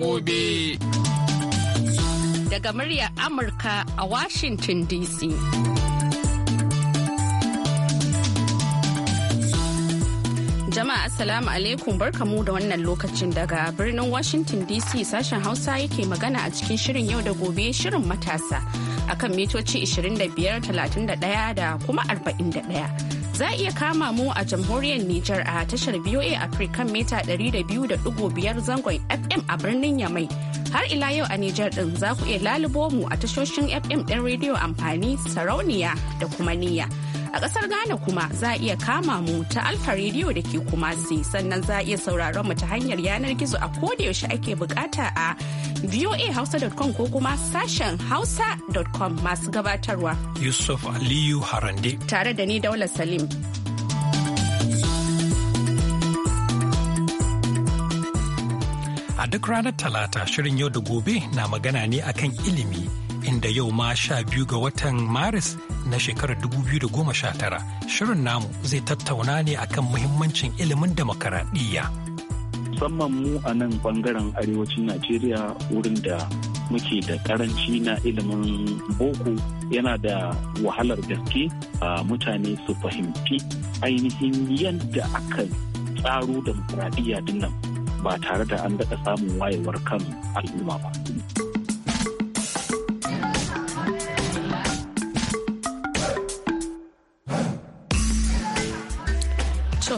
gobe. Daga muryar Amurka a Washington DC. Jama'a Assalamu alaikum barkamu da wannan lokacin daga birnin Washington DC sashen Hausa yake magana a cikin shirin yau da gobe shirin matasa akan mitoci 25, 31 da kuma 41. Za a iya kama mu a jamhuriyar Nijar a tashar VOA African kan mita 200.5 zangon FM a birnin Yamai. Har ila yau a Nijar ɗin za ku iya lalubo mu a tashoshin FM ɗin rediyo amfani sarauniya da kuma niyya. A ƙasar Ghana kuma za a iya kama mu ta Alfa Radio da ke Kumasi sannan za a iya sauraron mu ta hanyar yanar gizo a yaushe ake bukata a voahausa.com ko kuma sashen hausa.com masu gabatarwa. Yusuf Aliyu Harande. Tare da ni Daula Salim. A duk ranar Talata shirin yau da gobe na magana ne akan ilimi inda yau ma sha biyu ga watan Maris na shekarar 2019 shirin namu zai tattauna ne akan muhimmancin ilimin demokaradiyya. musamman mu a nan ɓangaren arewacin najeriya wurin da muke da karanci na ilimin boko yana da wahalar gaske a mutane su fahimci ainihin yadda aka tsaro din dinnan ba tare da an daɗa samun wayewar kan al'umma ba.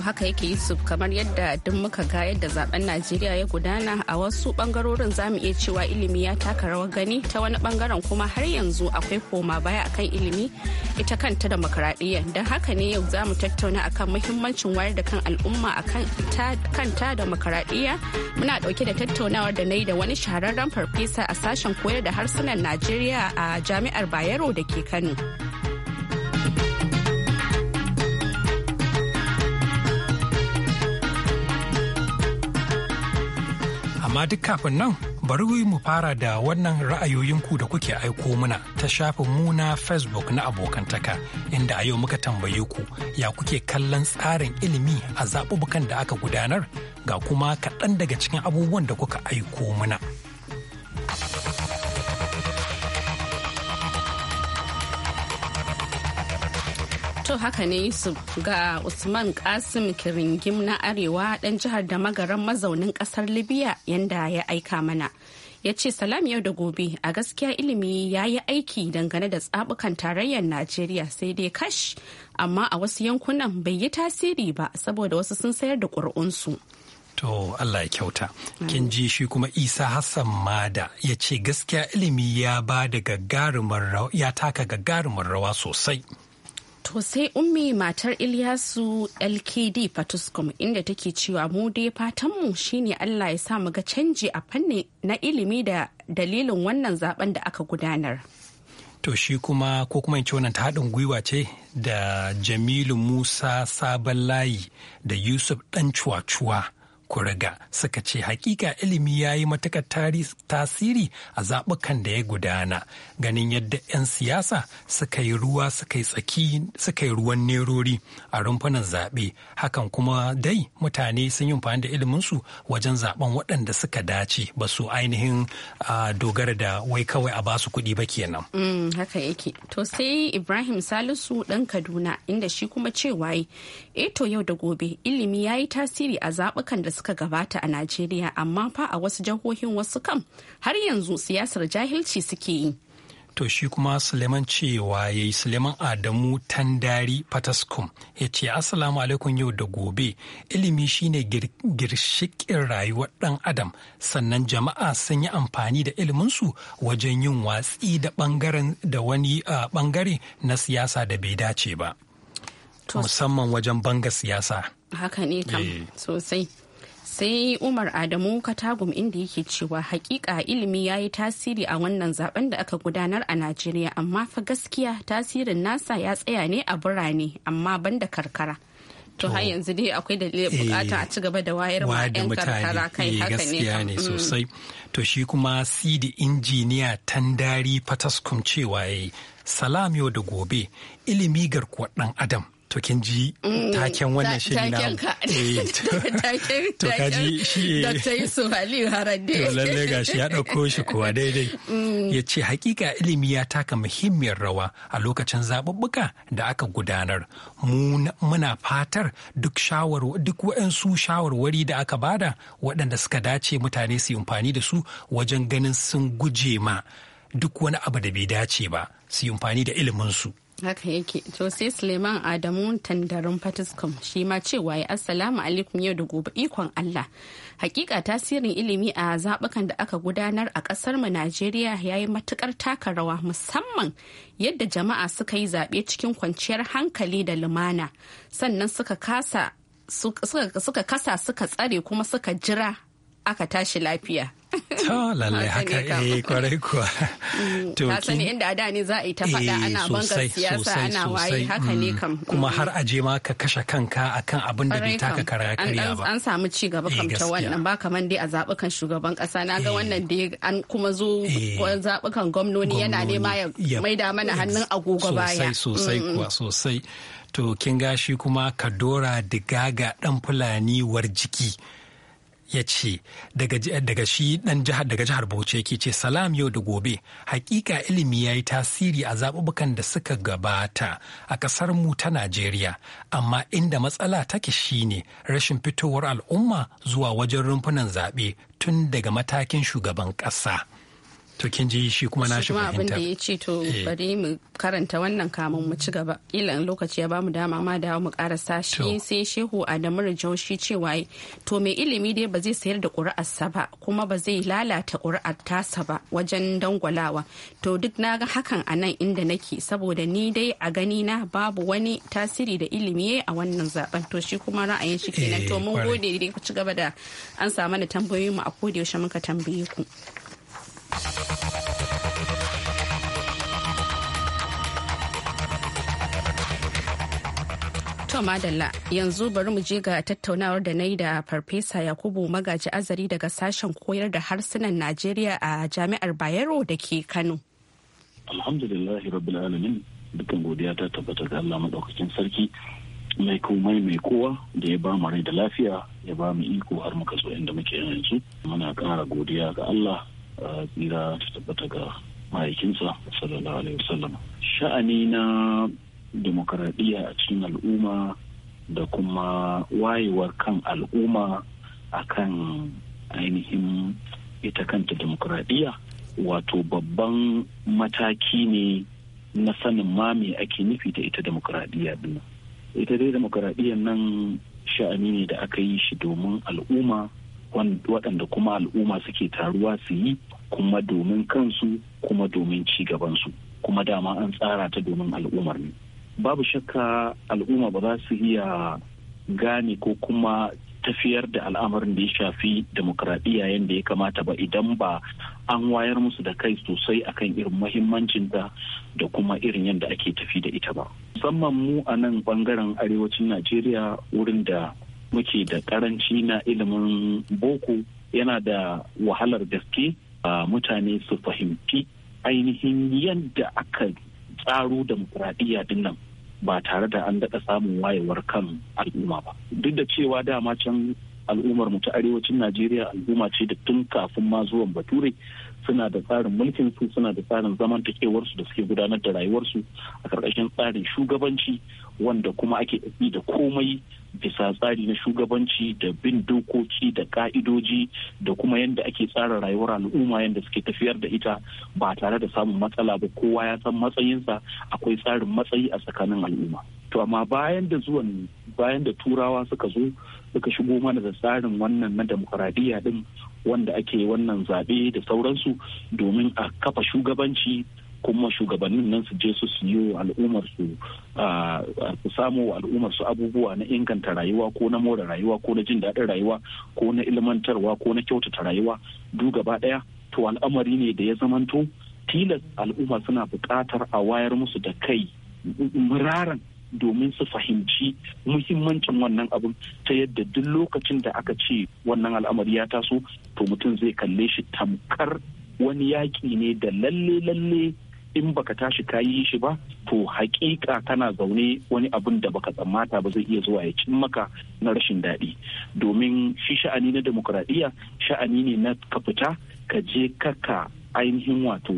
haka yake yusuf kamar yadda duk muka ga yadda zaben najeriya ya gudana a wasu bangarorin zamu iya cewa ilimi ya taka rawar gani ta wani bangaren kuma har yanzu akwai koma baya akan ilimi ita kanta demokradiyya don haka ne yau zamu tattauna akan muhimmancin wayar da kan al'umma akan kanta demokradiyya muna dauke da tattaunawar da na yi da wani shahararren farfesa a sashen koyar da harsunan najeriya a jami'ar bayero da ke kano. amma duk kafin nan bari mu fara da wannan ra'ayoyinku da kuke aiko muna ta shafin mu na facebook na abokantaka inda a yau muka tambaye ku ya kuke kallon tsarin ilimi a zaɓuɓɓukan da aka gudanar ga kuma kaɗan daga cikin abubuwan da kuka aiko muna. To haka ne Yusuf ga Usman Kasim Kiringim na Arewa dan jihar da magaran mazaunin kasar Libya yanda ya aika mana. Ya ce salam yau da gobe a gaskiya ilimi ya yi aiki dangane da tsabukan tarayyar Najeriya sai dai kash amma a wasu yankunan bai yi tasiri ba saboda wasu sun sayar da ƙuri'unsu. To Allah ya kyauta. Mm. Kin ji shi kuma Isa Hassan Mada ya ce gaskiya ilimi ya ya taka gagarumar rawa sosai. To sai ummi matar Ilyasu LKD Fatuskum inda take cewa mu dai fatanmu shine Allah ya sa mu ga canji a fanni na ilimi da dalilin wannan zaben da aka gudanar. To shi kuma ko kuma in ce wannan ta haɗin gwiwa ce da Jamilu Musa Sabon Layi da Yusuf Ɗan Cuwa-Cuwa. kuriga suka ce hakika ilimi ya yi matukar tasiri a zaɓukan da ya gudana ganin yadda 'yan siyasa suka yi ruwa suka yi tsaki suka ruwan nerori a rumfunan zaɓe hakan kuma dai mutane sun yi amfani da iliminsu wajen zaɓen waɗanda suka dace ba su ainihin dogara da wai kawai a basu kuɗi ba kenan. Mm, haka yake to sai ibrahim salisu ɗan kaduna inda shi kuma cewa eto yau da gobe ilimi ya yi tasiri a zaɓukan da suka gabata a najeriya amma fa a wasu jahohin wasu kam har yanzu siyasar jahilci suke yi to shi kuma suleiman cewa ya yi suleiman adamu tandari patascom ya ce assalamu alaikum yau da gobe ilimi shine girshikin rayuwar dan adam sannan jama'a sun yi amfani da iliminsu wajen yin watsi da da wani bangare na siyasa da bai dace ba musamman wajen banga siyasa haka ne kam eh. sosai sai umar adamu katagum inda yake cewa hakika ilimi ya yi tasiri a wannan zaben da aka gudanar a najeriya amma fa gaskiya tasirin nasa ya tsaya ne a birane amma banda karkara to har yanzu dai akwai dalilin eh, bukata a ci gaba da wayar ma 'yan karkara kai haka eh, ne gaskiya ne mm. sosai to shi kuma sidi injiniya tandari fataskum cewa yayi salam yau da gobe ilimi garkuwar ɗan adam to kin ji mm, taken wannan shiri na eh, to ka ji shi eh. Dr. Yusuf Aliyu Harande to lalle gashi ya dauko shi kuwa daidai mm. ya ce hakika ilimi ya taka muhimmiyar rawa a lokacin zaɓuɓɓuka da aka gudanar muna fatar duk shawar duk waɗansu shawarwari da aka bada waɗanda suka dace mutane su yi amfani da su wajen ganin sun guje ma duk wani abu da bai dace ba su yi amfani da iliminsu. haka yake to sai suleiman adamu tandarin fatiskum shi ma cewa ya assalamu alaikum yau da gobe ikon allah hakika tasirin ilimi a zabukan da aka gudanar a kasar mu najeriya ya yi matukar taka rawa musamman yadda jama'a suka yi zaɓe cikin kwanciyar hankali da lumana sannan suka kasa suka tsare kuma suka jira aka tashi lafiya. To lallai haka eh kwarai kuwa. Mm. Ta sani inda da ne za a yi ta faɗa eh, ana bangar siyasa ana waye haka ne kam. Mm. Kuma har mm. a je ma ka kashe kanka akan abin da bai taka kara karya ba. An samu ci gaba eh, kam ta wannan ba kaman dai a zabukan shugaban kasa. na ga eh. wannan dai an kuma zo zabukan gwamnoni yana nema ya maida mana hannun agogo baya. Sosai sosai kuwa sosai. To kin gashi kuma ka dora diga ga ɗan fulani war jiki. ya ce daga shi dan jihar daga jihar Bauchi yake ce salam yau da gobe hakika ilimi ya yi tasiri a zaɓuɓɓukan da suka gabata a ƙasar mu ta Najeriya amma inda matsala take shine rashin fitowar al'umma zuwa wajen rumfunan zaɓe tun daga matakin shugaban ƙasa. to kin ji shi kuma na shi abin da ya ce to eh. bari mu karanta wannan kamun mu ci gaba Ilan lokaci ya bamu dama ma da mu karasa shi sai shehu adamu rajau shi cewa to mai ilimi dai ba zai sayar da ƙuri'arsa ba kuma ba zai lalata ƙuri'ar tasa ba wajen dangwalawa to duk na ga hakan a nan inda nake saboda ni dai a gani na babu wani tasiri da ilimi ya a wannan zaben to shi kuma ra'ayin shi kenan to eh, mun gode dai ku ci gaba da an samu da tambayoyin mu a koda yaushe muka tambaye ku To Madalla yanzu bari mu je ga tattaunawar da na yi da Farfesa Yakubu Magaji Azari daga sashen koyar da harsunan Najeriya a Jami'ar Bayero da ke Kano. Alhamdulillahi Rabbil Alamin dukkan godiya ta tabbata ga Allah Maɗaukakin Sarki mai komai mai kowa da ya ba mu rai da lafiya ya ba mu iko har muka so inda muke yanzu muna ƙara godiya ga Allah tsira ta tabbata ga mahaikinsa sallallahu alaihi wasallam sha'ani na demokaradiyya a cikin al'umma da kuma wayewar kan al'umma a kan ainihin ita kanta demokaradiyya wato babban mataki ne na sanin ma me ake nufi da ita demokaradiyya ɗin ita dai demokaradiyyar nan sha'ani ne da aka yi shi domin al'umma waɗanda kuma al'umma suke taruwa su yi kuma domin kansu kuma domin ci gabansu kuma dama an tsara ta domin al'ummar ne babu shakka al'umma ba za su iya gane ko kuma tafiyar da al'amarin da ya shafi demokradiyya yadda ya kamata ba idan ba an wayar musu da kai sosai akan irin mahimmancin da da kuma irin yadda ake tafi da ita ba musamman mu a nan bangaren arewacin najeriya wurin da muke da karanci na ilimin boko yana da wahalar gaske a mutane su fahimci ainihin yadda aka tsaro demokuraɗiyya din nan ba tare da an daɗa samun wayewar kan al'umma ba duk da cewa dama can al'ummar mu ta arewacin najeriya al'umma ce da tun kafin ma zuwan bature suna da tsarin mulkin su suna da tsarin zamantakewarsu da suke gudanar da rayuwarsu a ƙarƙashin tsarin shugabanci wanda kuma ake tafi da komai bisa tsari na shugabanci da bin dokoki da ka'idoji da kuma yadda ake tsara rayuwar al'umma yadda suke tafiyar da ita ba tare da samun matsala ba kowa ya san matsayinsa akwai tsarin matsayi a tsakanin al'umma to amma bayan da zuwan bayan da turawa suka zo suka shigo mana da tsarin wannan na demokuraɗiyya din wanda ake wannan zaɓe da sauransu domin a kafa shugabanci kuma shugabannin nan su je su siyo al'ummar su su samu al'ummar su abubuwa na inganta rayuwa ko na more rayuwa ko na jin daɗin rayuwa ko na ilmantarwa ko na kyautata rayuwa duk gaba ɗaya to al'amari ne da ya zamanto tilas al'umma suna buƙatar a wayar musu da kai muraran domin su fahimci muhimmancin wannan abun ta yadda duk lokacin da aka ce wannan al'amari ya taso to mutum zai kalle shi tamkar wani yaƙi ne da lalle lalle in baka tashi ka yi shi ba to hakika kana zaune wani abun da baka tsammata ba zai iya zuwa ya cin maka na rashin daɗi domin shi sha'ani na demokuraɗiyya sha'ani ne na ka fita ka je kaka ainihin wato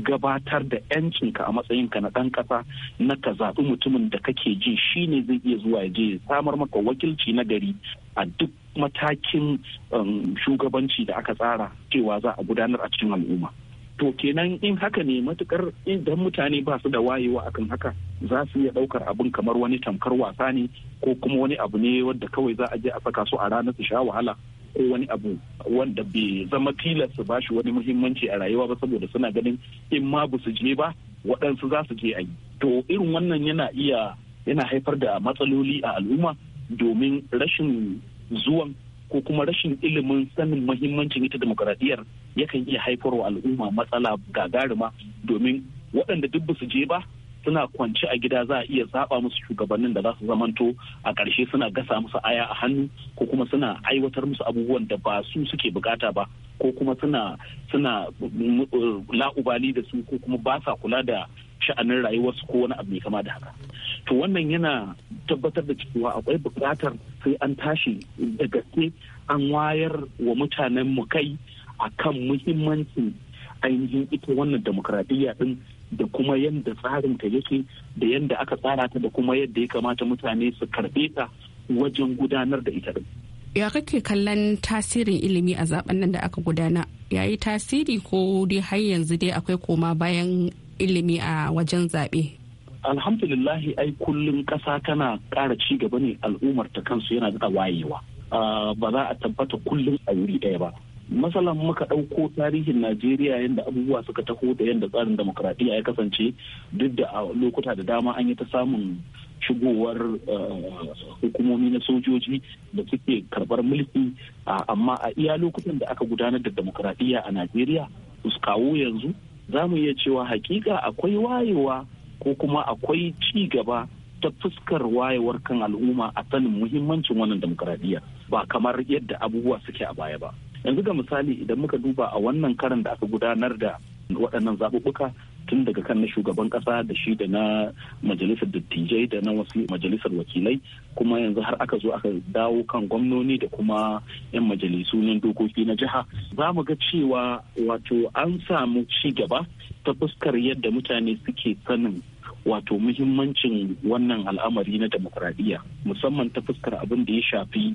gabatar da 'yancinka a matsayinka na ɗan ƙasa na ka zaɓi mutumin da kake ji shi ne zai iya zuwa ya je samar maka wakilci na gari a duk matakin um, shugabanci da aka tsara cewa za a gudanar a cikin al'umma. to kenan in haka ne matukar idan mutane ba su da wayewa akan haka za su iya daukar abun kamar wani tamkar wasa ne ko kuma wani abu ne wanda kawai za a je a saka su a ranar su sha wahala ko wani abu wanda bai zama tilas su shi wani muhimmanci a rayuwa ba saboda suna ganin in ma ba su je ba waɗansu za su je a yi to irin wannan yana iya yana haifar da matsaloli a al'umma domin rashin zuwan ko kuma rashin ilimin sanin muhimmancin ita demokaradiyyar yakan iya haifarwa al'umma matsala gagarima domin waɗanda duk su je ba suna kwance a gida za a iya zaba musu shugabannin da za su zamanto a ƙarshe suna gasa musu aya a hannu ko kuma suna aiwatar musu abubuwan da ba su suke bukata ba ko kuma suna suna mm, uh, la'ubali da su ko kuma ba sa kula da sha'anin rayuwarsu ko wani abu mai kama da haka to wannan yana tabbatar da cewa akwai bukatar sai an tashi da gaske an wayar wa mutanen mu kai a kan muhimmancin ainihin ita wannan demokradiyya din da kuma yadda tsarin tsarinta yake da yadda aka tsara ta da kuma yadda ya kamata mutane su karbe ta wajen gudanar da ita din. Ya kake kallon tasirin ilimi a zaben nan da aka gudana? Ya yi tasiri ko dai har yanzu dai akwai koma bayan ilimi a wajen zaɓe? Alhamdulillahi ai kullum ƙasa tana ƙara ci gaba ne al'ummar ta kansu yana da wayewa. Ah, ba za a tabbata kullum a wuri ɗaya ba matsalan muka ɗauko tarihin najeriya yadda abubuwa suka taho da yadda tsarin demokradiyya ya kasance duk da a lokuta da dama an yi ta samun shigowar eh, hukumomi na sojoji da suke karbar mulki amma a iya lokutan da aka gudanar da demokradiyya a najeriya su kawo yanzu za mu iya cewa hakika akwai wayewa ko kuma akwai ci gaba ta fuskar wayewar kan al'umma a sanin muhimmancin wannan demokradiyya ba kamar yadda abubuwa suke a baya ba. yanzu ga misali idan muka duba a wannan karin da aka gudanar da waɗannan zaɓuɓɓuka tun daga kan na shugaban ƙasa da shi da na majalisar dattijai da na wasu majalisar wakilai kuma yanzu har aka zo aka dawo kan gwamnoni da kuma 'yan majalisu dokoki na jiha za mu ga cewa wato an samu ci gaba ta fuskar yadda mutane suke sanin wato muhimmancin wannan al'amari na demokradiyya musamman ta fuskar abin da ya shafi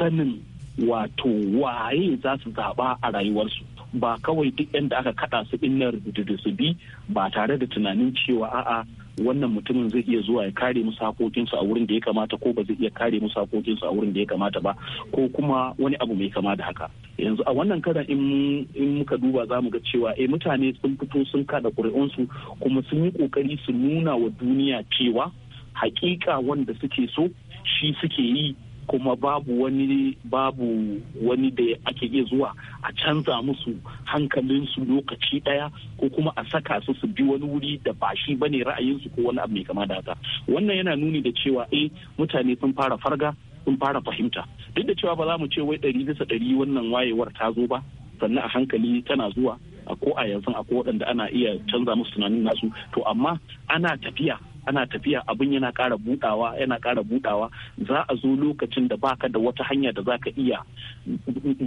sanin wato waye za su zaba a rayuwarsu ba kawai duk yadda aka kaɗa su inna rubutu su bi ba tare da tunanin cewa a'a wannan mutumin zai iya zuwa ya kare musu haƙoƙinsu a wurin da ya kamata ko ba zai iya kare musu haƙoƙinsu a wurin da ya kamata ba ko kuma wani abu mai kama da haka yanzu a wannan karan in muka duba za mu ga cewa eh mutane sun fito sun kada ƙuri'unsu kuma sun yi ƙoƙari su nuna wa duniya cewa haƙiƙa wanda suke so shi suke yi kuma babu wani babu wani da ake iya zuwa a canza musu hankalinsu lokaci daya ko kuma a saka su su bi wani wuri da ba shi bane ra'ayinsu ko wani abu mai kama da haka wannan yana nuni da cewa eh mutane sun fara farga sun fara fahimta duk da cewa ba za mu ce wai ɗari bisa ɗari wannan wayewar ta zo ba sannan a hankali tana zuwa a ko a yanzu a ko waɗanda ana iya canza musu tunanin nasu to amma ana tafiya ana tafiya abin yana ƙara budawa yana ƙara buɗawa za a zo lokacin da baka da wata hanya da zaka iya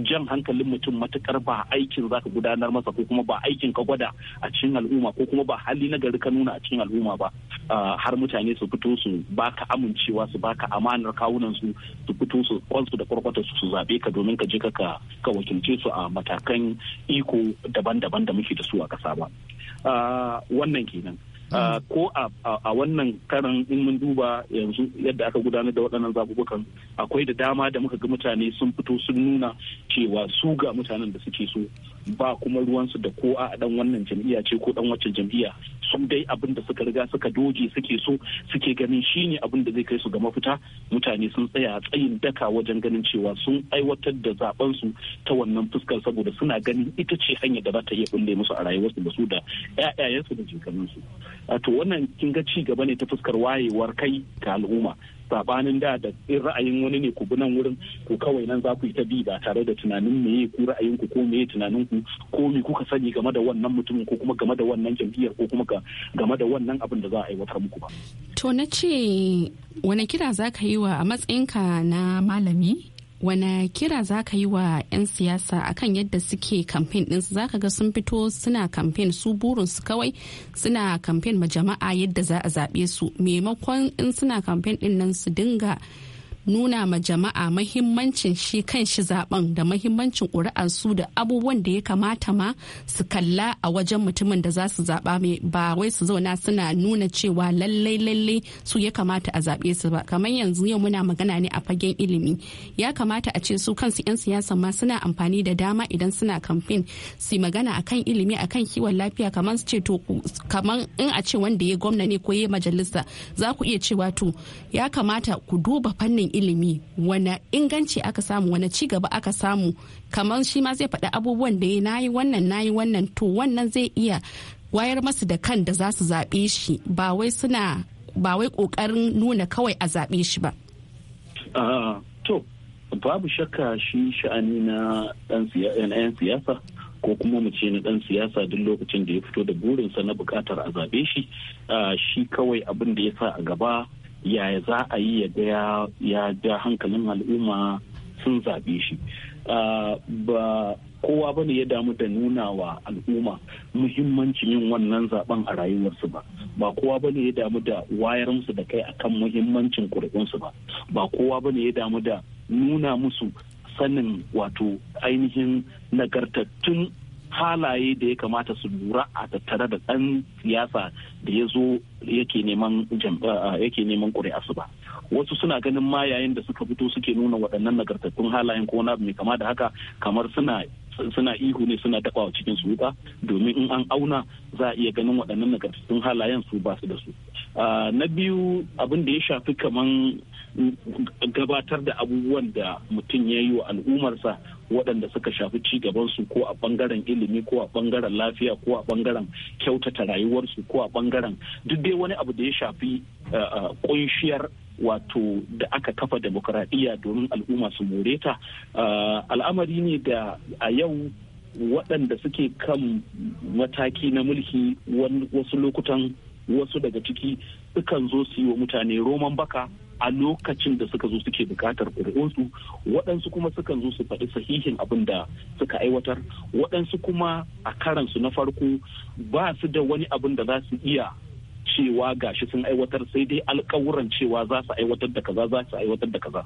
jan hankalin mutum matukar ba aikin zaka gudanar masa ko kuma ba aikin ka gwada a cikin al'umma ko kuma ba hali na gari ka nuna a cikin al'umma ba ah, har mutane su fito su baka amincewa su baka amanar kawunan su su fito su kwansu da kwarkwata su su zabe ka domin ka je ka ka wakilce su a matakan iko daban-daban da muke da su a ƙasa ba ah, wannan kenan Ah, ko a wannan karan in mun duba yanzu yadda aka gudanar da waɗannan zabubukan akwai da dama da muka ga mutane sun fito sun nuna cewa su ga mutanen da suke so ba kuma ruwansu da ko a dan wannan jam'iyya ce ko dan wacce jam'iyya sun dai abin da suka riga suka doge suke so suke ganin shine abin da zai kai su ga mafita mutane sun tsaya a tsayin daka wajen ganin cewa sun aiwatar da zaben su ta wannan fuskar saboda suna ganin ita ce hanyar da za ta iya kulle musu a rayuwarsu da su da ƴaƴayensu da su to wannan kin ga ci gaba ne ta fuskar wayewar kai ga al'umma sabanin da da in ra'ayin wani ne ku bi nan wurin ku kawai nan za ku yi ta bi ba tare da tunanin meye ku ra'ayin ku ko meye tunanin ku ko me kuka sani game da wannan mutumin ko kuma game da wannan jam'iyyar ko kuma game da wannan abin da za a aiwatar muku ba. To na ce wani kira za ka yi wa a matsayinka na malami wana kira za ka yi wa 'yan siyasa akan yadda suke kamfen ɗinsu za ka ga sun fito suna kamfen su burinsu kawai suna kamfen ma jama'a yadda za a zaɓe su maimakon in suna kamfen ɗin nan su dinga nuna ma jama'a mahimmancin shi kan shi zaben da mahimmancin su da abubuwan da ya kamata ma su kalla a wajen mutumin da za su zaɓa mai ba wai su zauna suna nuna cewa lallai lallai su ya kamata a zaɓe su ba kamar yanzu yau muna magana ne a fagen ilimi ya kamata a ce su kansu 'yan siyasa ma suna amfani da dama idan suna kamfen su magana akan ilimi akan kiwon lafiya kamar su ce to kamar in a ce wanda ya gwamna ne ko ya majalisa za ku iya cewa to ya kamata ku duba fannin ilimi wani inganci aka samu wani ci gaba aka samu kamar shi ma zai faɗi abubuwan da ya nayi wannan nayi wannan to wannan zai iya wayar masu da kan da za su zaɓe shi ba wai suna ba wai ƙoƙarin nuna kawai a zaɓe shi ba. Ah, to babu shakka shi sha'ani na ɗan siyasa ko kuma mu ce na ɗan siyasa duk lokacin da ya fito da burinsa na buƙatar a zaɓe shi ah, shi kawai abin da ya sa a gaba yaya za a yi ya ya ja hankalin al'umma sun zaɓe shi ba kowa bane ya damu da nuna wa al'umma muhimmancin yin wannan zaben a rayuwarsu ba ba kowa bane ya damu da wayar musu da kai akan muhimmancin kurkunsu ba ba kowa bane ya damu da nuna musu sanin wato ainihin nagartattun halaye da ya kamata su lura a tattare da ɗan siyasa da ya zo yake neman ƙuri'a su ba wasu suna ganin ma yayin da suka fito suke nuna waɗannan nagartattun halayen ko mai kama da haka kamar suna suna ihu ne suna dabawa cikin su wuka domin in an auna za a iya ganin waɗannan nagartattun halayen su ba su da su na biyu abin da ya shafi kaman gabatar da abubuwan da mutum ya yi wa al'ummarsa waɗanda suka shafi ci gaban su ko a ɓangaren ilimi ko a ɓangaren lafiya ko a bangaren kyautata rayuwarsu ko a ɓangaren duk dai wani abu da ya shafi kunshiyar eh, eh, wato da aka kafa demokuraɗiyya domin al'umma su more ta eh, al'amari ne da a yau waɗanda suke kan mataki na mulki wasu lokutan wasu daga ciki sukan zo su yi wa mutane roman baka a lokacin da suka zo suke bukatar ƙuri'unsu waɗansu kuma sukan zo su faɗi sahihin abin da suka aiwatar waɗansu kuma a karansu na farko ba su da wani abin da za su iya cewa gashi sun aiwatar sai dai alƙawuran cewa za su aiwatar da kaza za su aiwatar da kaza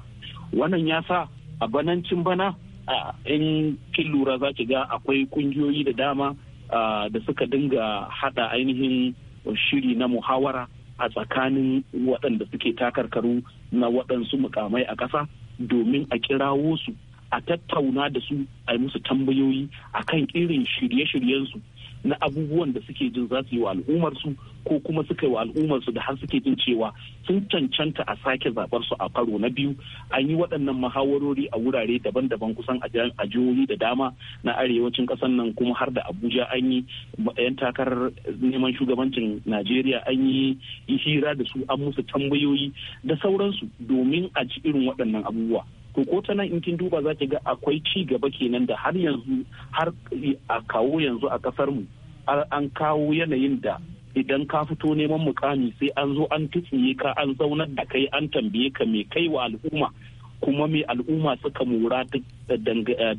wannan ya sa a banancin bana a in kin lura za ki ga akwai ƙungiyoyi da dama da suka dinga haɗa ainihin shiri na muhawara a tsakanin waɗanda suke takarkaru na waɗansu mukamai a ƙasa domin a kirawo su a tattauna da su a musu tambayoyi akan irin shirye-shiryensu na abubuwan da suke jin za su yi wa al'ummarsu ko kuma suka yi wa al'ummarsu da har suke jin cewa sun cancanta a sake zaɓar su a karo na biyu an yi waɗannan muhawarori a wurare daban-daban kusan a jihohi da dama na arewacin ƙasar nan kuma har da abuja an yi yan takarar neman shugabancin najeriya an yi hira da su an musu tambayoyi da sauransu domin a ji irin waɗannan abubuwa to ko ta nan in kin duba za ki ga akwai ci gaba kenan da har yanzu har a kawo yanzu a kasar mu an kawo yanayin da idan ka fito neman mukami sai an zo an tutsiye ka an zaunar da kai an tambaye ka mai kai wa al'umma kuma mai al'umma suka mura eh,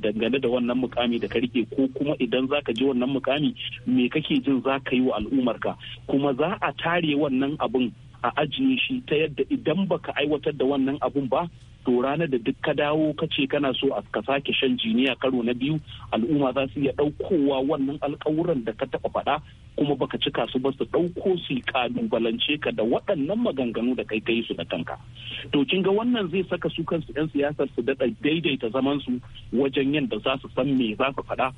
dangane da wannan mukami da ka rike ko kuma idan za ka je wannan mukami me kake jin za ka yi wa al'ummarka kuma za a tare wannan abun a ajiye shi ta yadda idan baka aiwatar da wannan abun ba to ranar da duk ka dawo ka ce kana so a ka sake shan jiniya karo na biyu al'umma za su iya ɗaukowa wannan alkawuran da ka taɓa faɗa kuma baka cika su ba su ɗauko su kalubalance ka da waɗannan maganganu da kai kai su da kanka to kin ga wannan zai saka su kansu 'yan siyasar su daɗa daidaita zaman su wajen yadda za su san me za su faɗa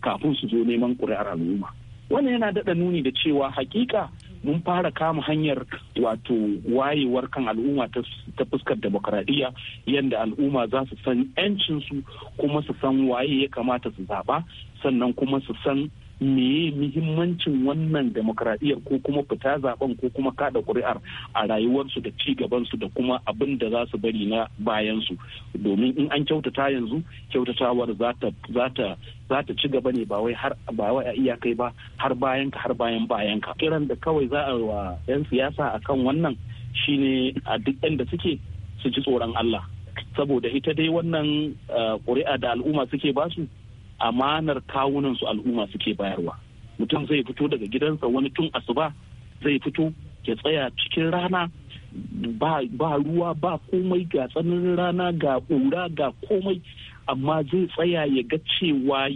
kafin su zo neman ƙuri'ar al'umma wannan yana daɗa nuni da cewa hakika mun fara kama hanyar wato wayewar kan al'umma ta fuskar demokaradiyya yadda al'umma za su san 'yancinsu kuma su san waye ya kamata su zaɓa sannan kuma su san meye muhimmancin wannan demokradiyyar ko kuma fita zaben ko kuma kada kuri'ar a rayuwarsu da ci gabansu da kuma abin da za su bari na bayansu domin in an kyautata yanzu kyautatawar za ta ci gaba ne ba wai har ba wai a iyakai ba har bayan ka har bayan bayan ka kiran da kawai za a wa yan siyasa a kan wannan shine a duk inda suke su ji tsoron Allah saboda ita dai wannan ƙuri'a eh, da al'umma suke basu amanar kawunan su al'umma suke bayarwa mutum zai fito daga gidansa wani tun asuba zai fito ya tsaya cikin rana ba ruwa ba komai ga tsananin rana ga ƙura ga komai amma zai tsaya ya ga cewa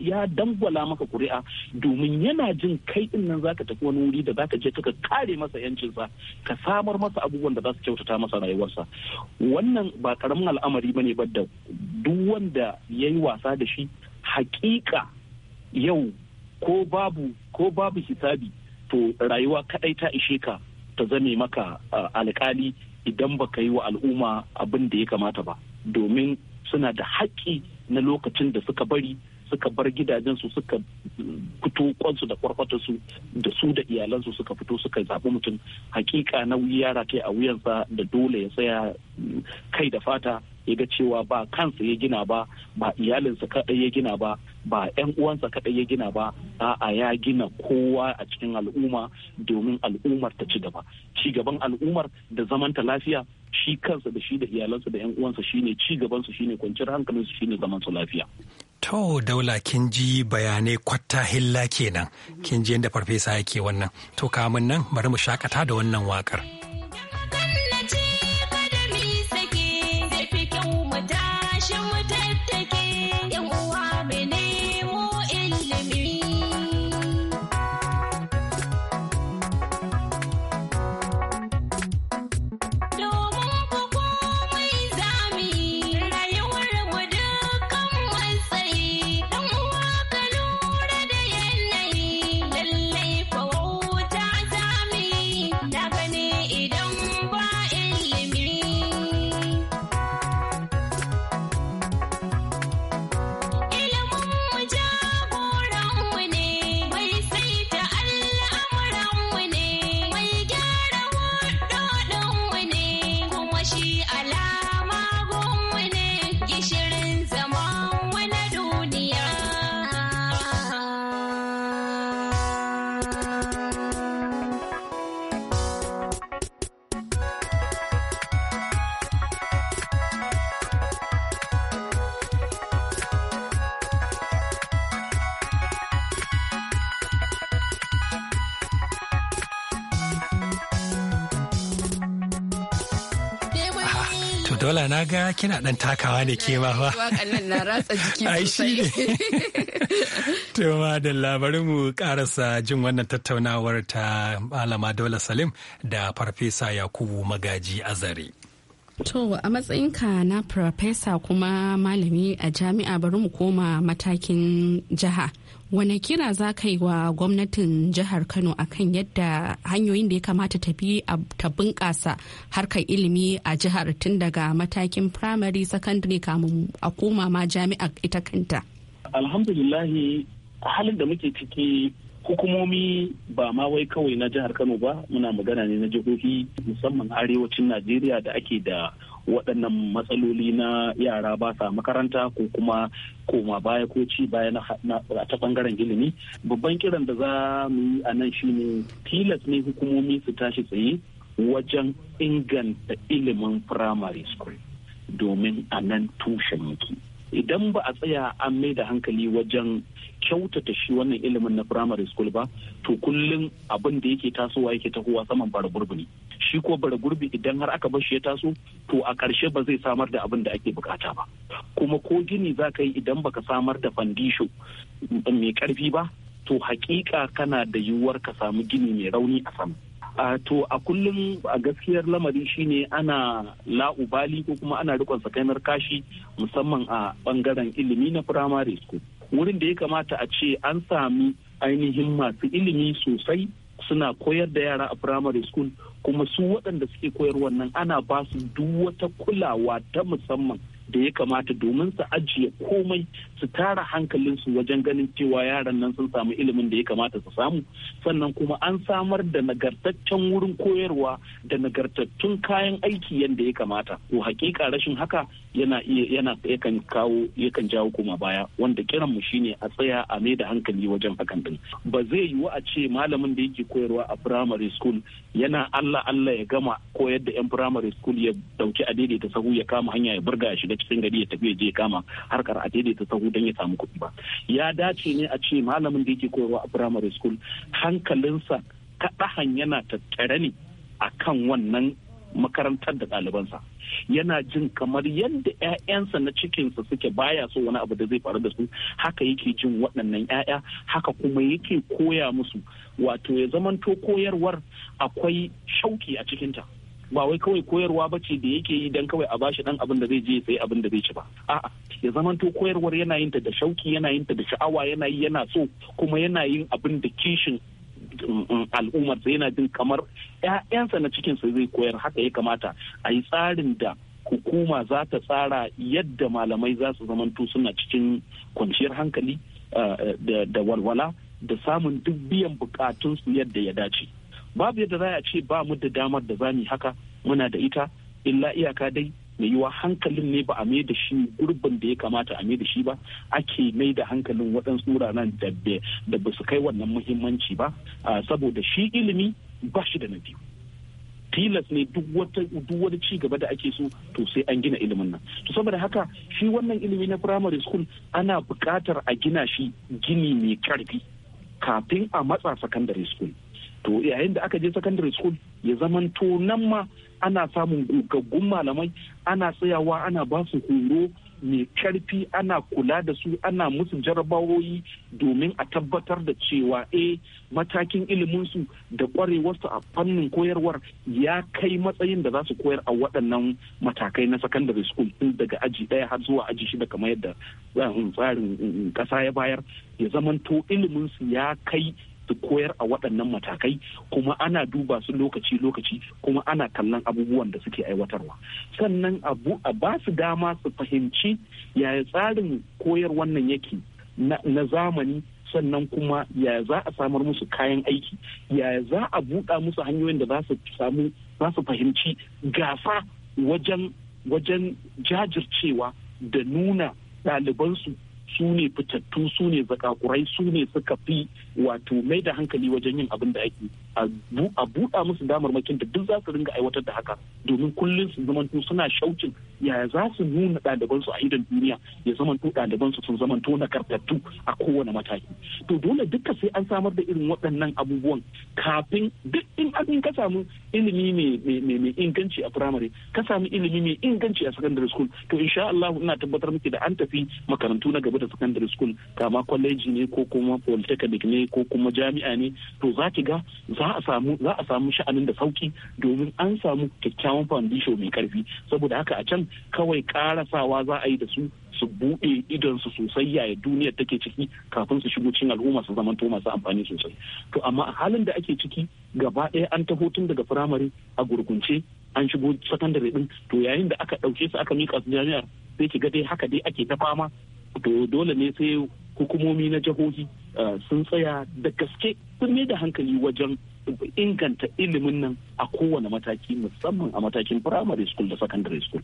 ya dangwala maka kuri'a domin yana jin kai din nan zaka tafi wani wuri da zaka je ka kare masa yancinsa ka samar masa abubuwan da za su kyautata masa rayuwarsa wannan ba karamin al'amari bane ba da duk wanda yi wasa da shi hakika yau ko babu ko babu hisabi to rayuwa kadai ta ishe ka ta zame maka ah, alkali idan baka yi wa al'umma abin da ya kamata ba domin suna da haƙƙi na lokacin da suka bari suka bar gidajensu suka mm, fito kwansu da kwarkwatarsu da su da iyalansu suka fito suka zaɓi mutum hakika na ya ta a wuyansa da dole ya tsaya mm, kai da fata ya ga cewa ba kansa ya gina ba ba iyalinsa kaɗai ya gina ba ba 'yan uwansa kaɗai ya gina ba a'a ya gina kowa a cikin al'umma domin al'ummar ta ci gaba ci gaban al'ummar da zamanta lafiya shi kansa da shi da iyalansa da 'yan uwansa shine ci shi shine kwanciyar su shine zaman su lafiya To daula kin ji bayanai kwatta hilla kenan kin ji yadda farfesa yake wannan to kamun nan bari mu shakata da wannan wakar. To dola na ga kina dan takawa ne ke ma fa. na ratsa da labarin mu karasa jin wannan tattaunawar ta Malama Dola Salim da Farfesa Yakubu Magaji Azare. To a matsayinka na farfesa kuma malami a jami'a bari mu koma matakin jiha. Wane kira za ka yi wa gwamnatin jihar Kano akan yadda hanyoyin da ya kamata ta bi ta bunƙasa harkar ilimi a jihar tun daga matakin primary secondary kamun a koma ma jami'a ita kanta? Alhamdulillahi halin da muke ciki hukumomi ba ma wai kawai na jihar kano ba muna magana ne na jihohi musamman arewacin najeriya da ake da waɗannan matsaloli na yara ba sa makaranta ko kuma koma baya ko ci baya na ta bangaren ilimi babban kiran da za mu yi a nan shine tilas ne hukumomi su tashi tsaye wajen inganta ilimin primary school domin a nan tushen yake idan ba a tsaya an mai da hankali wajen kyautata shi wannan ilimin na primary school ba to kullum abin da yake tasowa yake tahowa saman bara gurbi ne shi ko bara gurbi idan har aka bar shi ya taso to a ƙarshe ba zai samar da abin da ake bukata ba kuma ko gini za ka yi idan baka samar da fandisho mai karfi ba to hakika kana da yiwuwar ka samu gini mai rauni a sama Uh, to a kullum a gaskiyar lamari shine ana la'ubali ko kuma ana rikon sakainar kashi musamman a bangaren ilimi na primary school wurin da ya kamata a ce an sami ainihin masu ilimi sosai suna koyar da yara a primary school kuma su waɗanda suke koyar wannan ana ba su duk wata kulawa ta musamman da ya kamata domin su ajiye komai su tara hankalinsu wajen ganin cewa yaran nan sun samu ilimin da ya kamata su samu sannan kuma an samar da nagartaccen wurin koyarwa da nagartattun kayan aiki yadda ya kamata ko hakika rashin haka yana yana yakan kawo yakan jawo koma baya wanda kiran mu shine a tsaya a mai da hankali wajen hakan din ba zai yiwu a ce malamin da yake koyarwa a primary school yana Allah Allah ya gama koyar da yan primary school ya dauki a daidaita sahu ya kama hanya ya burga ya shiga cikin gari ya tafi ya je kama harkar a daidaita sahu kudi don ya samu kuɗi ba ya dace ne a ce malamin da yake koyarwa a primary school hankalinsa kaɗahan yana tattare ne a kan wannan makarantar da ɗalibansa yana jin kamar yadda 'ya'yansa na cikinsa suke baya so wani abu da zai faru da su haka yake jin waɗannan 'ya'ya haka kuma yake koya musu wato ya zamanto koyarwar akwai shauki a cikinta. ba wai kawai koyarwa ba ce da yake yi dan kawai a bashi dan abin da zai je sai abin da zai ci ba a'a ya zamanto koyarwar yana yin ta da shauki yana yin ta da sha'awa yana yi yana so kuma yana yin abin da kishin mm, mm, al'ummar yana jin kamar 'ya'yansa na cikin cikinsa zai koyar haka ya kamata a yi tsarin da hukuma za ta tsara yadda malamai za su zamanto suna cikin kwanciyar hankali eh, da walwala da samun duk biyan bukatunsu yadda ya dace. babu yadda za a ce ba mu da damar da za mu haka muna da ita illa iyaka dai mai yiwa hankalin ne ba a mai da shi gurbin da ya kamata a mai da shi ba ake mai da hankalin waɗansu wuraren da ba su kai wannan muhimmanci ba ah, saboda shi ilimi ba shi da na biyu tilas ne duk wata duk wani ci gaba da ake so to sai an gina ilimin nan to saboda haka shi wannan ilimi na primary school ana buƙatar a gina shi gini mai karfi kafin a matsa sakandare school to yayin da aka je secondary school ya zamanto nan ma ana samun gugaggun malamai ana tsayawa ana ba su horo mai karfi ana kula da su ana musu jarabawoyi domin a tabbatar da cewa eh matakin iliminsu da kwarewarsu a fannin koyarwar ya kai matsayin da za su koyar a waɗannan matakai na secondary school tun daga aji ɗaya har zuwa aji shida kamar yadda um, tsarin um, ƙasa ya bayar ya zamanto iliminsu ya kai su koyar a waɗannan matakai kuma ana duba su lokaci-lokaci kuma ana kallon abubuwan da suke aiwatarwa sannan abu a ba su dama su fahimci yaya tsarin koyar wannan yake na zamani sannan kuma yaya za a samar musu kayan aiki yaya za a buɗa musu hanyoyin da za su fahimci gasa wajen jajircewa da nuna ɗalibansu su ne fitattu su ne zakakurai su ne suka fi wato mai da hankali wajen yin abin da ake a buɗa musu damarmakin da duk za su ringa aiwatar da haka domin kullum su zamanto suna shaukin yaya za su nuna ɗalibansu a idon duniya ya zamanto ɗalibansu sun zamanto na kartattu a kowane mataki to dole duka sai an samar da irin waɗannan abubuwan kafin duk in an ka samu ilimi mai inganci a firamare ka samu ilimi mai inganci a secondary school to insha Allah ina tabbatar miki da an tafi makarantu na gaba da secondary school kama kwaleji ne ko kuma polytechnic ne ko kuma jami'a ne to za ki ga za za a samu sha'anin da sauki domin an samu kyakkyawan foundation mai karfi saboda haka a can kawai karasawa za a yi da su su buɗe idonsu sosai yaya duniyar take ciki kafin su shigo cikin al'umma su zamanto masu amfani sosai to amma a halin da ake ciki gaba ɗaya an taho tun daga firamare a gurgunce an shigo sakandare din to yayin da aka ɗauke su aka mika su jami'ar sai ki ga dai haka dai ake ta fama to dole ne sai hukumomi na jihohi eh, sun tsaya da gaske sun da hankali wajen inganta ilimin nan a kowane mataki musamman a matakin primary school da secondary school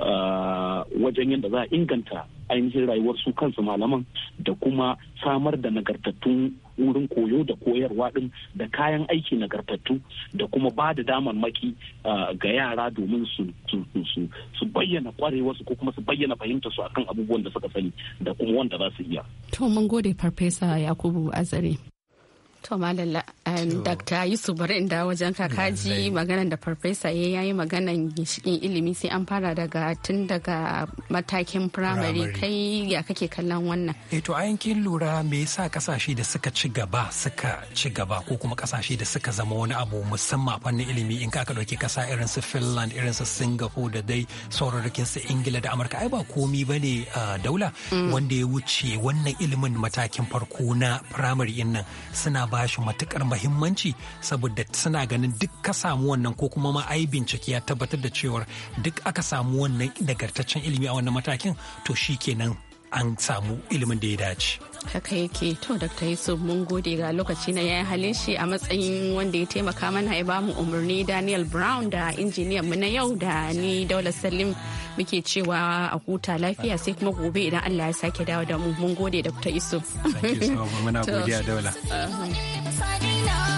uh, wajen yadda za a inganta ainihin rayuwar su kansu malaman da kuma samar da nagartattun wurin koyo da koyarwa din da kayan aiki nagartattu da kuma ba da damar maki uh, ga yara domin su bayyana kwarewarsu ko kuma su bayyana fahimta su akan abubuwan da suka sani da kuma wanda za su iya. To mun gode Farfesa Yakubu Azare. To Malala, um, Dr. Yusuf bari in da wajen kakaji maganan da farfesa ya yayi maganan ginshikin ilimi sai an fara daga tun daga matakin firamare kai ya kake kallon wannan. E to ayin kin lura me yasa kasashe da suka ci gaba suka ci gaba ko kuma kasashe da suka zama wani abu musamman a fannin ilimi in ka dauki kasa irin su Finland irin su Singapore da dai sauraron su Ingila da Amurka ai ba komi bane daula mm. wanda ya wuce wannan ilimin matakin farko na firamare nan suna ba shi matukar mahimmanci saboda suna ganin duk ka samu wannan ko kuma ma ai bincike ya tabbatar da cewar duk aka samu wannan nagartaccen ilimi a wannan matakin to shi kenan an samu ilimin da ya dace. haka yake to dr yusuf mun gode ga lokaci na yayin halin shi a matsayin wanda ya taimaka mana ya bamu umarni daniel brown da injiniyan mu na yau da ni daula salim muke cewa a huta lafiya sai kuma gobe idan allah ya sake dawo da mu mun gode dr yusuf muna godiya